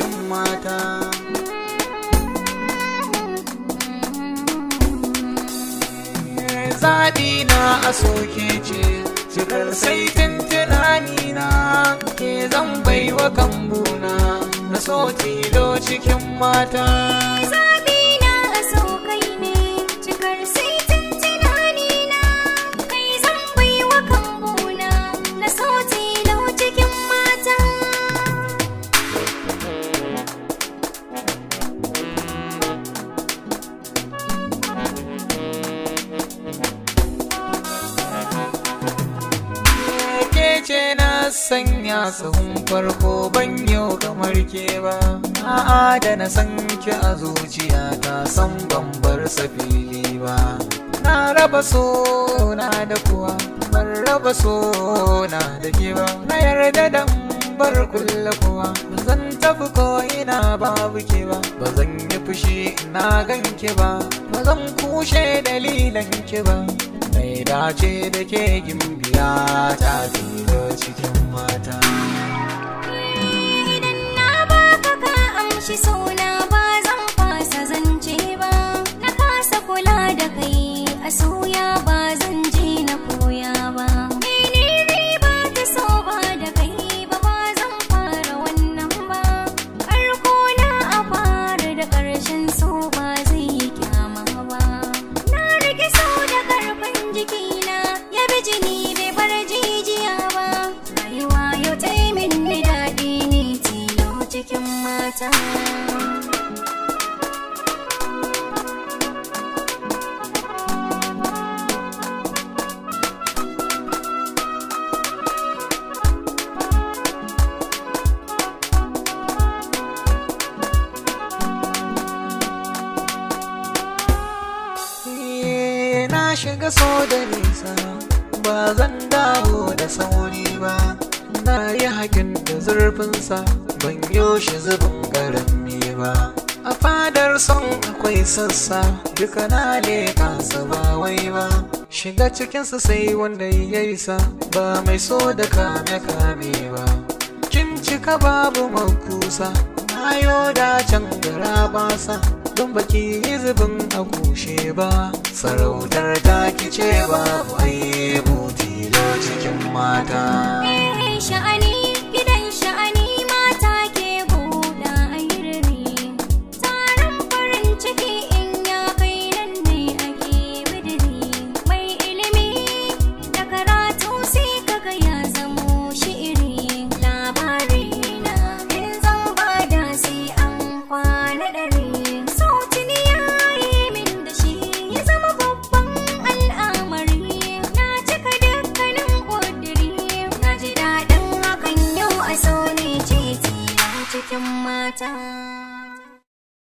cikin mata zaɓi na a soke ce cikar saifin tunani na ke zan baiwa kambuna na so tilo cikin mata ce na sanya sahun farko ban yau kamar ke ba a'a da na san ki a zuciya ta san ban bar sa ba na raba so na da kuwa ban raba so na da ke ba na yarda da bar kulle kuwa zan tafi ko ina babu ke ba ba zan yi fushi na gan ba ba zan kushe dalilan ki ba mai dace da ke gimbiya ta duniya Eh, na shiga so da nisa ba zan dawo da sauri ba na yi hakin da zurfinsa ban yaushe zubin ƙarami ba a fadar son akwai sassa duka na ne sa ba wai ba shiga cikinsa sai wanda ya isa ba mai so da kame kame ba kin cika babu makusa na yo da can gara sa don baki yi zubin a kushe ba sarautar ta kice babu ai buti cikin mata mata